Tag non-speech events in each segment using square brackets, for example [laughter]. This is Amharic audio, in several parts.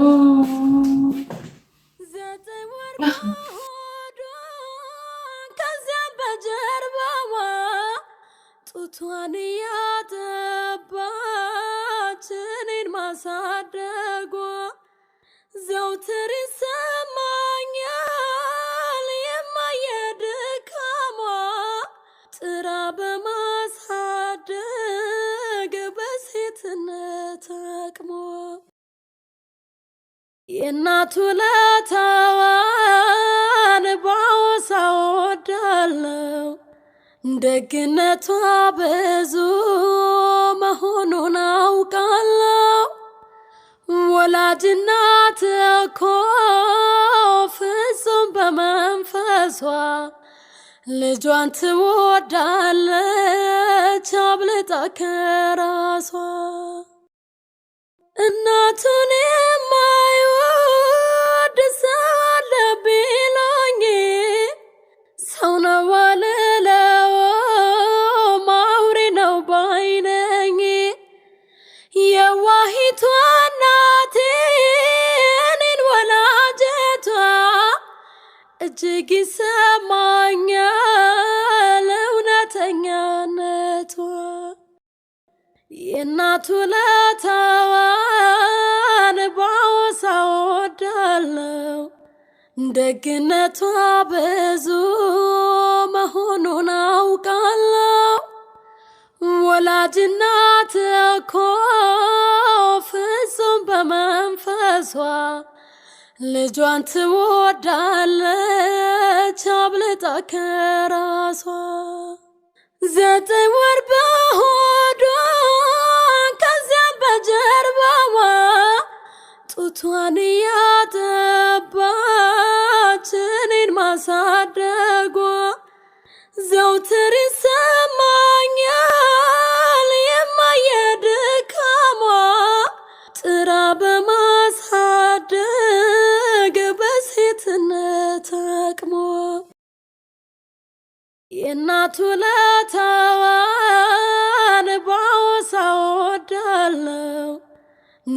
Oh. እናቱ ለታዋን ባወሳ ደግነቷ ብዙ መሆኑን አውቃለው። ወላጅናት እኮ ፍጹም በመንፈሷ ልጇን ትወዳለች አብልጣ ከራሷ እናቱን የማይወ እጅግ ይሰማኛል እውነተኛነቷ የእናቱ ለታዋን ባወሳ ወዳለው ደግነቷ ብዙ መሆኑን አውቃለው። ወላጅናትኮ እኮ ፍጹም በመንፈሷ ልጇን ትወዳለች አብልጣ ከራሷ ዘጠኝ ወር በሆዷ ከዚያም በጀርባዋ ጡቷን እያጠባች እኔን ማሳደጓ ዘውትር የእናቱ ለታዋን ባወሳ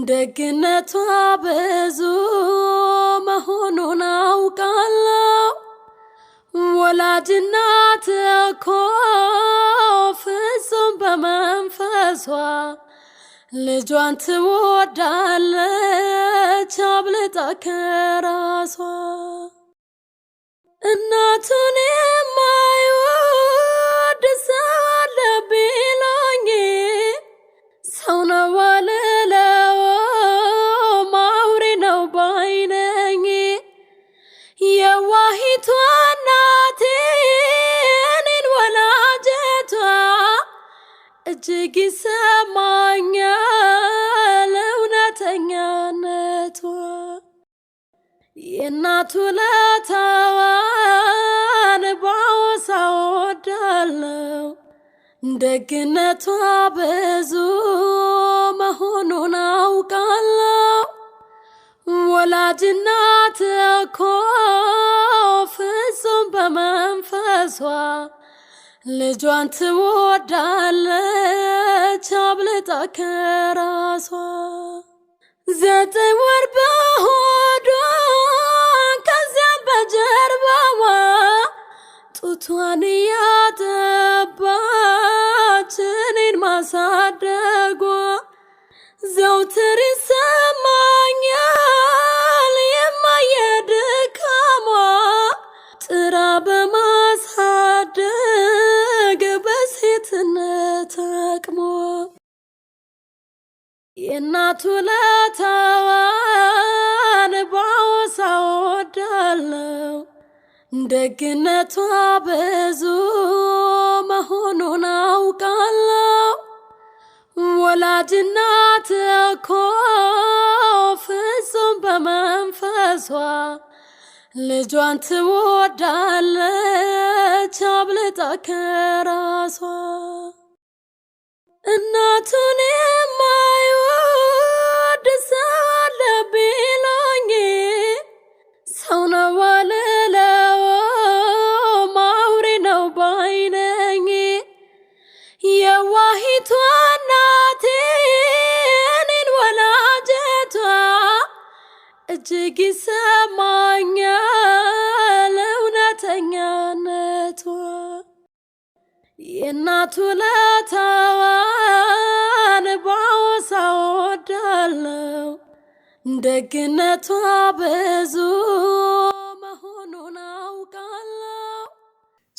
ደግነቷ ብዙ መሆኑን አውቃለው። ወላጅናት እኮ ፍጹም በመንፈሷ ልጇን ትወዳለች አብልጣ ከራሷ እናቱን የማይወ እጅግ ይሰማኛል እውነተኛነቷ የእናቱ ለታዋን ባወሳ ወዳለው ደግነቷ ብዙ መሆኑን አውቃለው። ወላጅናት እኮ ፍጹም በመንፈሷ ልጇን ትወዳለች አብልጣ ከራሷ ዘጠኝ ወር በሆዷ ከዚያም በጀርባዋ ጡቷን እያጠባች እኔን ማሳደጓ ዘውትር ይሰ ውለታዋን ባወሳ ደግነቷ ብዙ መሆኑን አውቃለሁ። ወላጅ እናት እኮ ፍጹም በመንፈሷ ልጇን ትወዳለች አብልጣ ከራሷ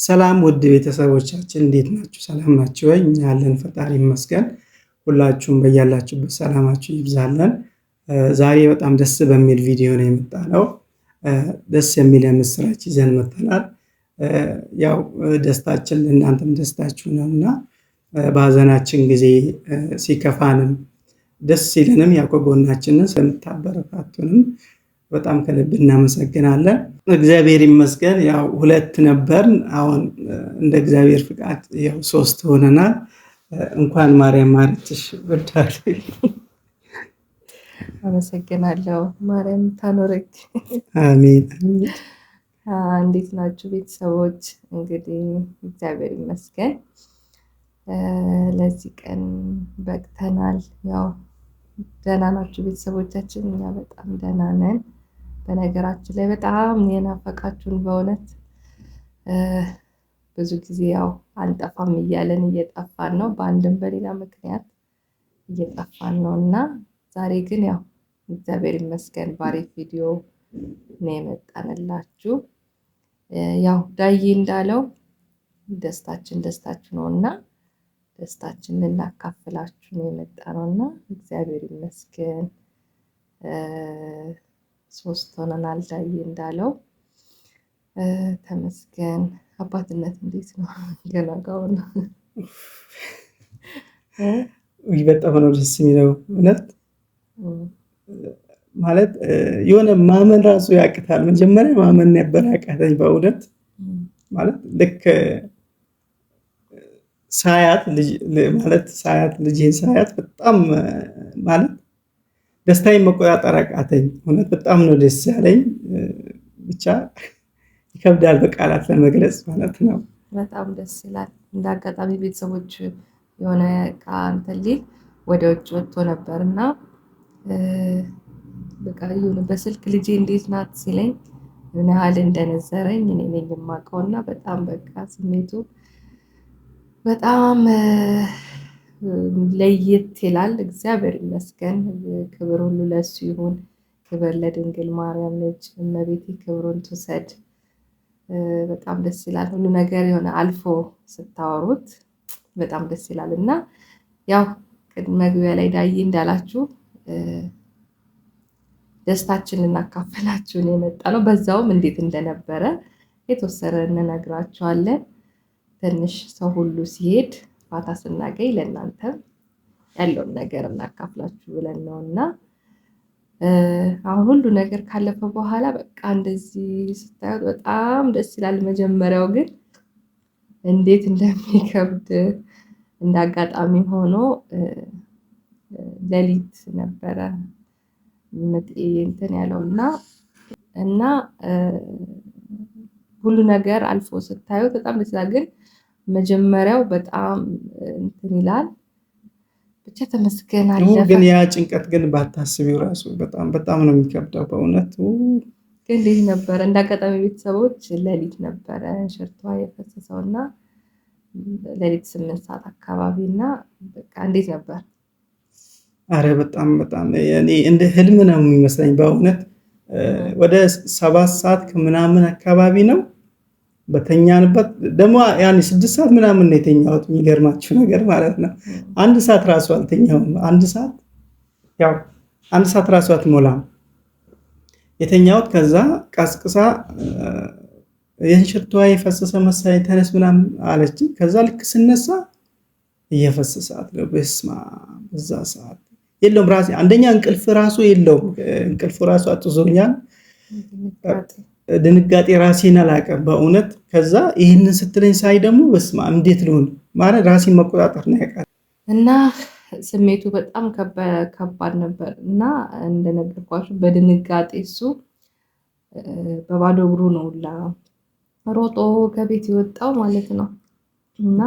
ሰላም ውድ ቤተሰቦቻችን እንዴት ናችሁ? ሰላም ናችሁ ወይ? እኛ ያለን ፈጣሪ ይመስገን። ሁላችሁም በያላችሁበት ሰላማችሁ ይብዛለን። ዛሬ በጣም ደስ በሚል ቪዲዮ ነው የመጣ ደስ የሚል የምስራች ይዘን መተናል። ያው ደስታችን እናንተም ደስታችሁ ነው እና በሀዘናችን ጊዜ ሲከፋንም ደስ ሲልንም ያው ከጎናችንን ስለምታበረታቱንም በጣም ከልብ እናመሰግናለን። እግዚአብሔር ይመስገን ያው ሁለት ነበርን። አሁን እንደ እግዚአብሔር ፍቃድ ያው ሶስት ሆነናል። እንኳን ማርያም ማረችሽ ብርታል። አመሰግናለሁ ማርያም ታኖረክ። አሜን። እንዴት ናችሁ ቤተሰቦች? እንግዲህ እግዚአብሔር ይመስገን ለዚህ ቀን በቅተናል። ያው ደህና ናችሁ ቤተሰቦቻችን? እኛ በጣም ደህና ነን። በነገራችን ላይ በጣም የናፈቃችሁን በእውነት ብዙ ጊዜ ያው አንጠፋም እያለን እየጠፋን ነው፣ በአንድም በሌላ ምክንያት እየጠፋን ነው እና ዛሬ ግን ያው እግዚአብሔር ይመስገን ባሪፍ ቪዲዮ ነው የመጣንላችሁ። ያው ዳዬ እንዳለው ደስታችን ደስታችሁ ነው እና ደስታችን ልናካፍላችሁ ነው የመጣ ነው እና እግዚአብሔር ይመስገን። ሶስት ሆነናል። ዳዬ እንዳለው ተመስገን። አባትነት እንዴት ነው? [laughs] ገና በጣም ነው ደስ የሚለው እውነት ማለት የሆነ ማመን ራሱ ያቅታል። መጀመሪያ ማመን ነበር ያቃተኝ በእውነት ማለት ልክ ሳያት ማለት ሳያት ልጅ ሳያት በጣም ማለት ደስታዬን መቆጣጠር አቃተኝ። እውነት በጣም ነው ደስ ያለኝ። ብቻ ይከብዳል በቃላት ለመግለጽ ማለት ነው። በጣም ደስ ይላል። እንደ አጋጣሚ ቤተሰቦች የሆነ ዕቃ እንትን ወደ ውጭ ወጥቶ ነበር እና በቃ የሆነ በስልክ ልጄ እንዴት ናት ሲለኝ ምን ያህል እንደነዘረኝ እኔ ነኝ የማውቀው እና በጣም በቃ ስሜቱ በጣም ለየት ይላል። እግዚአብሔር ይመስገን። ክብር ሁሉ ለሱ ይሁን። ክብር ለድንግል ማርያም ልጅ እመቤቴ ክብሩን ትውሰድ። በጣም ደስ ይላል። ሁሉ ነገር የሆነ አልፎ ስታወሩት በጣም ደስ ይላል እና ያው መግቢያ ላይ ዳዬ እንዳላችሁ ደስታችን ልናካፈላችሁን የመጣ ነው። በዛውም እንዴት እንደነበረ የተወሰነ እንነግራችኋለን። ትንሽ ሰው ሁሉ ሲሄድ ማታ ስናገኝ ለእናንተ ያለውን ነገር እናካፍላችሁ ብለን ነው እና አሁን ሁሉ ነገር ካለፈ በኋላ በቃ እንደዚህ ስታዩት በጣም ደስ ይላል። መጀመሪያው ግን እንዴት እንደሚከብድ እንደ አጋጣሚ ሆኖ ሌሊት ነበረ እንትን ያለው እና እና ሁሉ ነገር አልፎ ስታዩት በጣም ደስ ይላል ግን መጀመሪያው በጣም እንትን ይላል። ብቻ ተመስገን አለፈ። ግን ያ ጭንቀት ግን ባታስቢው ራሱ በጣም በጣም ነው የሚከብደው በእውነቱ። ግን እንዴት ነበረ? እንደ አጋጣሚ ቤተሰቦች ሌሊት ነበረ ሽርቷ የፈሰሰው እና ሌሊት ስምንት ሰዓት አካባቢ እና በቃ እንዴት ነበር? አረ በጣም በጣም እኔ እንደ ህልም ነው የሚመስለኝ በእውነት ወደ ሰባት ሰዓት ከምናምን አካባቢ ነው በተኛንበት ደግሞ ያን ስድስት ሰዓት ምናምን ነው የተኛሁት። የሚገርማችሁ ነገር ማለት ነው አንድ ሰዓት ራሱ አልተኛሁም። አንድ ሰዓት ያው አንድ ሰዓት ራሱ አትሞላም የተኛሁት። ከዛ ቀስቅሳ የሽርቷ የፈሰሰ መሳይ ተነስ ምናምን አለች። ከዛ ልክ ስነሳ እየፈሰሰ በስማ እዛ ሰዓት የለውም ራሴ አንደኛ እንቅልፍ ራሱ የለውም። እንቅልፍ ራሱ አጥዞኛል። ድንጋጤ ራሴን አላቀ በእውነት ከዛ ይህንን ስትለኝ ሳይ ደግሞ በስማ እንዴት ልሆን ማለት ራሴን መቆጣጠር ነው ያውቃል እና ስሜቱ በጣም ከባድ ነበር እና እንደነገርኳቸው በድንጋጤ እሱ በባዶ እግሩ ነው ላ ሮጦ ከቤት የወጣው ማለት ነው እና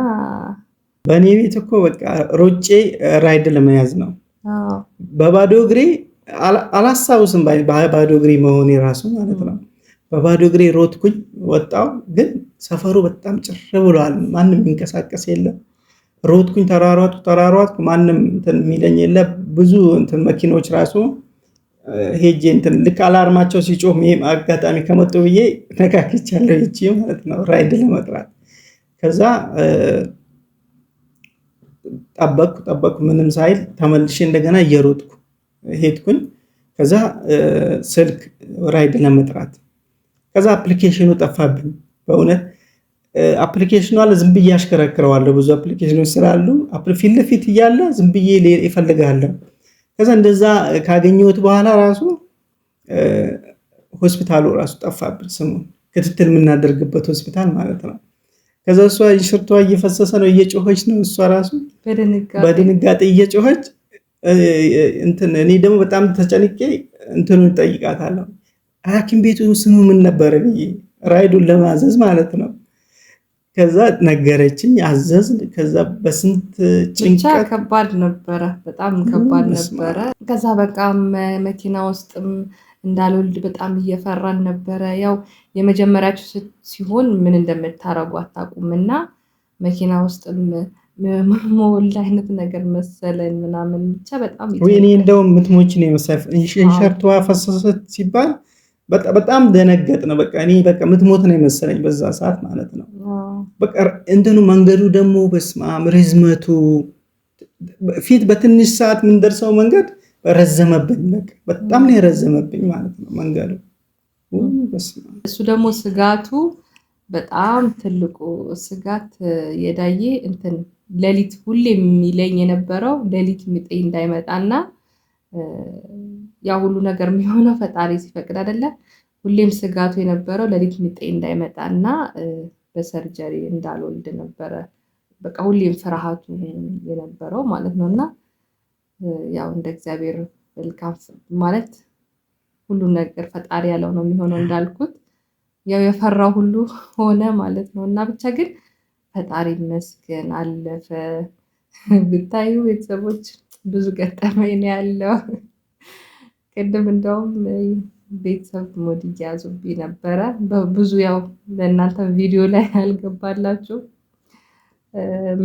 በእኔ ቤት እኮ በቃ ሮጬ ራይድ ለመያዝ ነው በባዶ እግሬ አላስታውስም ባዶ እግሬ መሆኔ ራሱ ማለት ነው በባዶ እግሬ ሮጥኩኝ ወጣው። ግን ሰፈሩ በጣም ጭር ብሏል ማንም የሚንቀሳቀስ የለም። ሮጥኩኝ፣ ተራሯጥኩ ተራሯጥኩ፣ ማንም እንትን የሚለኝ የለ። ብዙ እንትን መኪኖች ራሱ ሄጄ እንትን ልክ አላርማቸው ሲጮህ አጋጣሚ ከመጡ ብዬ ነካክቻለሁ፣ ይቺ ማለት ነው ራይድ ለመጥራት። ከዛ ጠበቅኩ ጠበቅኩ፣ ምንም ሳይል ተመልሼ እንደገና እየሮጥኩ ሄድኩኝ። ከዛ ስልክ ራይድ ለመጥራት ከዛ አፕሊኬሽኑ ጠፋብኝ። በእውነት አፕሊኬሽኑ አለ ዝም ብዬ አሽከረክረዋለሁ። ብዙ አፕሊኬሽኖች ስላሉ ፊት ለፊት እያለ ዝም ብዬ ይፈልጋለሁ። ከዛ እንደዛ ካገኘሁት በኋላ ራሱ ሆስፒታሉ ራሱ ጠፋብን፣ ስሙ ክትትል የምናደርግበት ሆስፒታል ማለት ነው። ከዛ እሷ ሽርቷ እየፈሰሰ ነው፣ እየጮኸች ነው። እሷ ራሱ በድንጋጤ እየጮኸች እኔ ደግሞ በጣም ተጨንቄ እንትኑን ጠይቃታለሁ። ሐኪም ቤቱ ስሙ ምን ነበረ ብዬ ራይዱን ለማዘዝ ማለት ነው። ከዛ ነገረችኝ፣ አዘዝ። ከዛ በስንት ጭንቀት ከባድ ነበረ፣ በጣም ከባድ ነበረ። ከዛ በቃ መኪና ውስጥም እንዳልወልድ በጣም እየፈራን ነበረ። ያው የመጀመሪያችሁ ሲሆን ምን እንደምታረጉ አታውቁም እና መኪና ውስጥም መወልድ አይነት ነገር መሰለን ምናምን ብቻ በጣም እኔ እንደውም ምትሞችን የመሳይ እንሸርትዋ ፈሰሰት ሲባል በጣም ደነገጥ ነው። በቃ እኔ በቃ ምትሞት ነው የመሰለኝ በዛ ሰዓት ማለት ነው። በቃ እንትኑ መንገዱ ደግሞ በስማም ርዝመቱ ፊት በትንሽ ሰዓት የምንደርሰው መንገድ ረዘመብኝ። በቃ በጣም ነው የረዘመብኝ ማለት ነው መንገዱ። እሱ ደግሞ ስጋቱ በጣም ትልቁ ስጋት የዳዬ እንትን ሌሊት ሁሌ የሚለኝ የነበረው ሌሊት ምጤ እንዳይመጣና ያ ሁሉ ነገር የሚሆነው ፈጣሪ ሲፈቅድ አይደለ? ሁሌም ስጋቱ የነበረው ለሊት ምጤ እንዳይመጣ እና በሰርጀሪ እንዳልወልድ ነበረ። በቃ ሁሌም ፍርሃቱ የነበረው ማለት ነው እና ያው እንደ እግዚአብሔር መልካም ማለት ሁሉ ነገር ፈጣሪ ያለው ነው የሚሆነው እንዳልኩት ያው የፈራው ሁሉ ሆነ ማለት ነው እና ብቻ ግን ፈጣሪ ይመስገን አለፈ። ብታዩ ቤተሰቦች ብዙ ገጠመኝ ነው ያለው። ቅድም እንደውም ቤተሰብ ሞድ እያያዙብኝ ነበረ። ብዙ ያው ለእናንተ ቪዲዮ ላይ አልገባላችሁ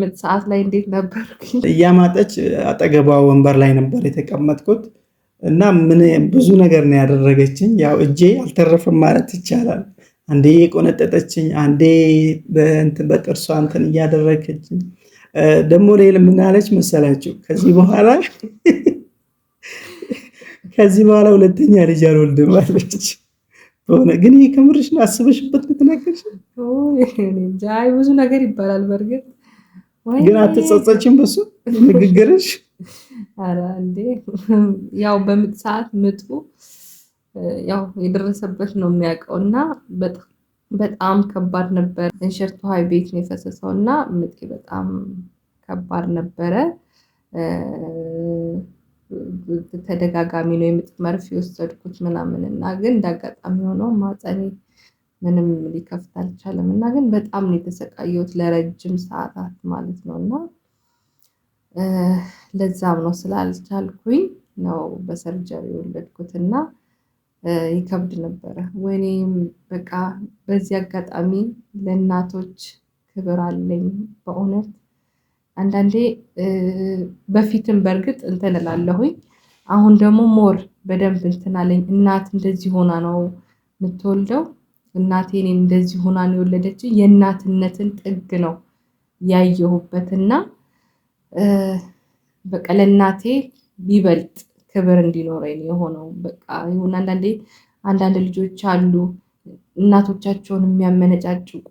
ምጥ ሰዓት ላይ እንዴት ነበርኩኝ እያማጠች አጠገቧ ወንበር ላይ ነበር የተቀመጥኩት እና ምን ብዙ ነገር ነው ያደረገችኝ። ያው እጄ አልተረፈም ማለት ይቻላል። አንዴ የቆነጠጠችኝ፣ አንዴ በጥርሷ እንትን እያደረገችኝ ደግሞ ሌል የምናለች መሰላችሁ ከዚህ በኋላ [laughs] ከዚህ በኋላ ሁለተኛ ልጅ አልወልድም አለች። ሆነ ግን ይህ ከምርሽ ነው አስበሽበት ምትነገርሽ? አይ ብዙ ነገር ይባላል። በእርግጥ ግን አትጸጸችም በሱ ንግግርሽ? [laughs] [laughs] ያው በምጥ ሰዓት ምጡ ያው የደረሰበት ነው የሚያውቀው እና በጣም በጣም ከባድ ነበረ። እንሸርት ውሃ ቤት ነው የፈሰሰው እና ምጤ በጣም ከባድ ነበረ። ተደጋጋሚ ነው የምጥ መርፌ የወሰድኩት ምናምን እና ግን እንዳጋጣሚ ሆነው ማፀኔ ምንም ሊከፍት አልቻለም እና ግን በጣም ነው የተሰቃየሁት ለረጅም ሰዓታት ማለት ነው እና ለዛም ነው ስላልቻልኩኝ ነው በሰርጀሪ የወለድኩት እና ይከብድ ነበረ። ወይኔም በቃ በዚህ አጋጣሚ ለእናቶች ክብር አለኝ በእውነት አንዳንዴ በፊትም በእርግጥ እንትን እላለሁኝ። አሁን ደግሞ ሞር በደንብ እንትናለኝ እናት እንደዚህ ሆና ነው የምትወልደው። እናቴ እኔን እንደዚህ ሆና ነው የወለደችው። የእናትነትን ጥግ ነው ያየሁበትና በቃ ለእናቴ ይበልጥ ክብር እንዲኖረኝ የሆነው በቃ ይሁን። አንዳንዴ አንዳንድ ልጆች አሉ እናቶቻቸውን የሚያመነጫጭቁ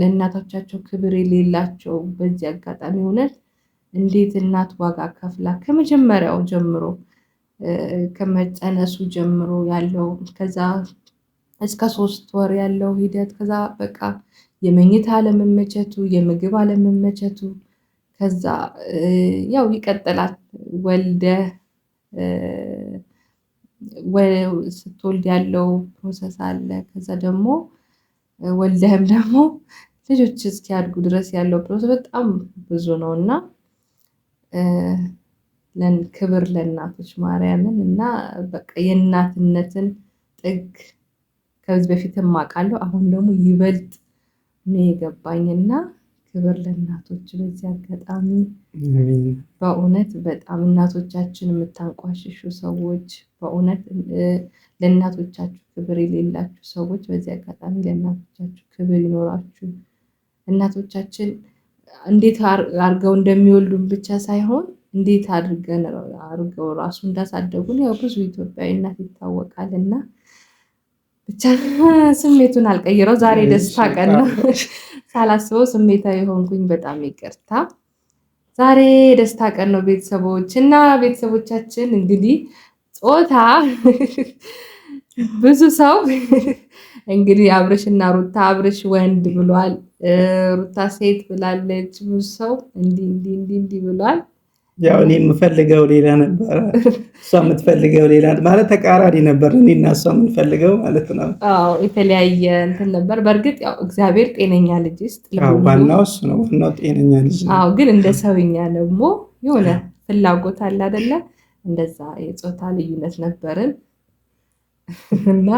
ለእናቶቻቸው ክብር የሌላቸው። በዚህ አጋጣሚ እውነት እንዴት እናት ዋጋ ከፍላ ከመጀመሪያው ጀምሮ ከመፀነሱ ጀምሮ ያለው ከዛ እስከ ሶስት ወር ያለው ሂደት ከዛ በቃ የመኝታ አለመመቸቱ፣ የምግብ አለመመቸቱ ከዛ ያው ይቀጥላል ወልደህ ስትወልድ ያለው ፕሮሰስ አለ። ከዛ ደግሞ ወልደህም ደግሞ ልጆች እስኪያድጉ ድረስ ያለው ፕሮሰስ በጣም ብዙ ነው እና ክብር ለእናቶች ማርያምን እና በቃ የእናትነትን ጥግ ከዚህ በፊትም አውቃለሁ አሁን ደግሞ ይበልጥ ነው የገባኝ እና ክብር ለእናቶች በዚህ አጋጣሚ በእውነት በጣም እናቶቻችን የምታንቋሽሹ ሰዎች፣ በእውነት ለእናቶቻችሁ ክብር የሌላችሁ ሰዎች በዚህ አጋጣሚ ለእናቶቻችሁ ክብር ይኖራችሁ። እናቶቻችን እንዴት አድርገው እንደሚወልዱን ብቻ ሳይሆን እንዴት አድርገን አድርገው ራሱ እንዳሳደጉን ያው ብዙ ኢትዮጵያዊ እናት ይታወቃል እና ብቻ [laughs] ስሜቱን አልቀይረው። ዛሬ ደስታ ቀን ነው፣ [laughs] ሳላስበው ስሜታ የሆንኩኝ በጣም ይቅርታ። ዛሬ ደስታ ቀን ነው ቤተሰቦች እና ቤተሰቦቻችን እንግዲህ ጾታ [laughs] ብዙ ሰው እንግዲህ አብርሽ እና ሩታ አብርሽ ወንድ ብሏል፣ ሩታ ሴት ብላለች። ብዙ ሰው እንዲህ እንዲህ እንዲህ ብሏል። ያው እኔ የምፈልገው ሌላ ነበረ፣ እሷ የምትፈልገው ሌላ ማለት ተቃራኒ ነበር። እኔና እሷ የምንፈልገው ማለት ነው። አዎ የተለያየ እንትን ነበር። በእርግጥ ያው እግዚአብሔር ጤነኛ ልጅ ውስጥ ዋናው እሱ ነው። ዋናው ጤነኛ ልጅ ነው። ግን እንደ ሰውኛ ደግሞ የሆነ ፍላጎት አለ አይደለ? እንደዛ የፆታ ልዩነት ነበርን እና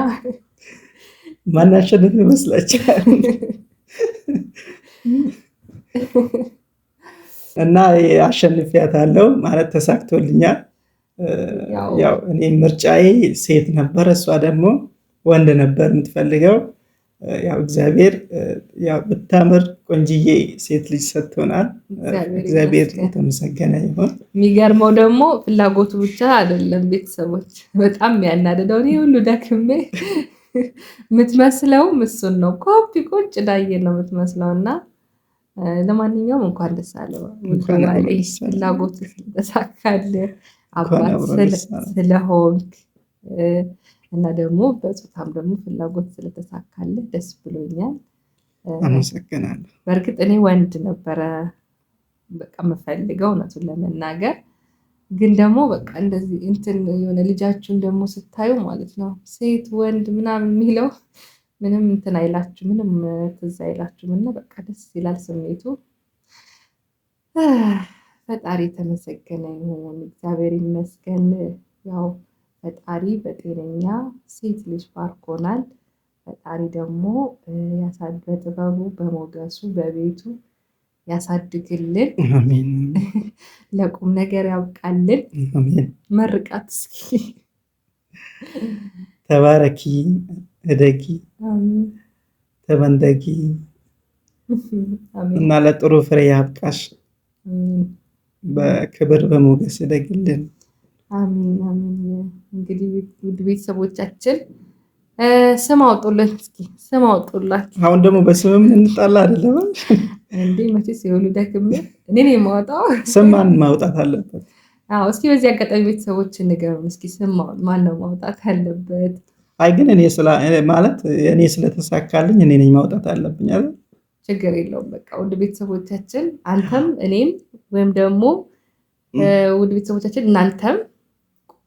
ማናሸንፍ ይመስላችኋል? [laughs] እና አሸንፊያታለሁ ማለት ተሳክቶልኛል። ያው እኔ ምርጫዬ ሴት ነበር፣ እሷ ደግሞ ወንድ ነበር የምትፈልገው። ያው እግዚአብሔር ያው ብታምር ቆንጅዬ ሴት ልጅ ሰጥቶናል። እግዚአብሔር የተመሰገነ ይሁን። የሚገርመው ደግሞ ፍላጎቱ ብቻ አይደለም። ቤተሰቦች በጣም የሚያናድደው እኔ ሁሉ ደክሜ የምትመስለውም እሱን ነው። ኮፒ ቁጭ ዳዬ ነው የምትመስለው እና ለማንኛውም እንኳን ደስ አለ ፍላጎት አባት ስለሆንክ እና ደግሞ በጾታም ደግሞ ፍላጎት ስለተሳካል ደስ ብሎኛል። አመሰግናለሁ። በእርግጥ እኔ ወንድ ነበረ በቃ የምፈልገው እውነቱን ለመናገር ግን ደግሞ በቃ እንደዚህ እንትን የሆነ ልጃችሁን ደግሞ ስታዩ ማለት ነው ሴት ወንድ ምናምን የሚለው ምንም እንትን አይላችሁ ምንም ትዝ አይላችሁም እና በቃ ደስ ይላል ስሜቱ። ፈጣሪ የተመሰገነ ይሁን፣ እግዚአብሔር ይመስገን። ያው ፈጣሪ በጤነኛ ሴት ልጅ ባርኮናል። ፈጣሪ ደግሞ በጥበቡ በሞገሱ በቤቱ ያሳድግልን፣ ለቁም ነገር ያብቃልን። መርቃት እስኪ ተባረኪ። እደጊ ተመንደጊ እና ለጥሩ ፍሬ ያብቃሽ። በክብር በሞገስ እደግልን። አሜን አሜን። እንግዲህ ውድ ቤተሰቦቻችን ስም አውጡልን፣ እስኪ ስም አውጡላችሁ። አሁን ደግሞ በስምም እንጣላ አይደለም እንዴ? መቼስ የሆኑ ደክም እኔ ነው የማወጣው። ስም ማን ማውጣት አለበት? አዎ፣ እስኪ በዚህ አጋጣሚ ቤተሰቦች እንገሩን፣ እስኪ ስም ማን ነው ማውጣት አለበት? አይ ግን እኔ ማለት እኔ ስለተሳካልኝ እኔ ነኝ ማውጣት አለብኝ ችግር የለውም። በቃ ውድ ቤተሰቦቻችን አንተም እኔም ወይም ደግሞ ውድ ቤተሰቦቻችን እናንተም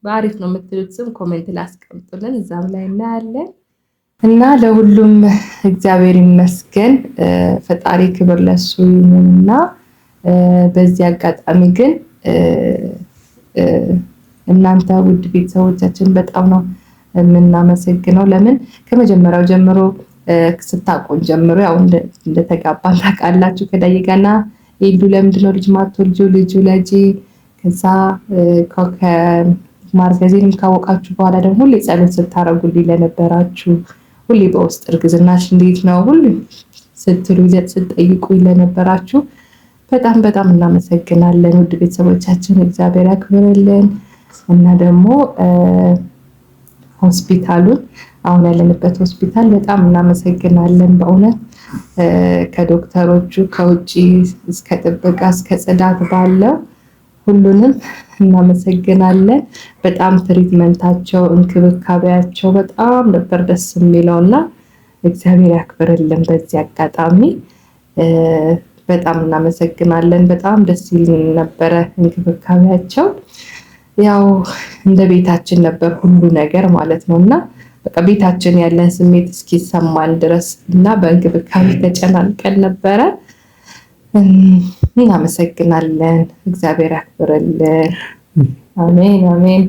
በአሪፍ ነው የምትሉት ስም ኮሜንት ላስቀምጡልን፣ እዛም ላይ እናያለን እና ለሁሉም እግዚአብሔር ይመስገን፣ ፈጣሪ ክብር ለሱ ይሁንና በዚህ አጋጣሚ ግን እናንተ ውድ ቤተሰቦቻችን በጣም ነው የምናመሰግነው። ለምን ከመጀመሪያው ጀምሮ ስታቆን ጀምሮ ያው እንደተጋባን ታውቃላችሁ ከዳዬ ጋና ይሉ ለምንድን ልጅ ማትወልጁ ልጁ ለጂ ከዛ ማርገዜንም ካወቃችሁ በኋላ ደግሞ ሁሌ ጸሎት ስታረጉልኝ ለነበራችሁ ሁሌ በውስጥ እርግዝናሽ እንዴት ነው ሁሉ ስትሉ ስትጠይቁኝ ለነበራችሁ በጣም በጣም እናመሰግናለን። ውድ ቤተሰቦቻችን እግዚአብሔር ያክብርልን እና ደግሞ ሆስፒታሉን አሁን ያለንበት ሆስፒታል በጣም እናመሰግናለን። በእውነት ከዶክተሮቹ ከውጭ እስከ ጥበቃ እስከ ጽዳት ባለው ሁሉንም እናመሰግናለን። በጣም ትሪትመንታቸው፣ እንክብካቤያቸው በጣም ነበር ደስ የሚለው እና እግዚአብሔር ያክብርልን። በዚህ አጋጣሚ በጣም እናመሰግናለን። በጣም ደስ ይል ነበረ እንክብካቤያቸው። ያው እንደ ቤታችን ነበር ሁሉ ነገር ማለት ነው እና በቃ ቤታችን ያለን ስሜት እስኪሰማን ድረስ እና በእንክብካቤ ተጨናንቀን ነበረ። እናመሰግናለን። እግዚአብሔር ያክብርልን። አሜን አሜን።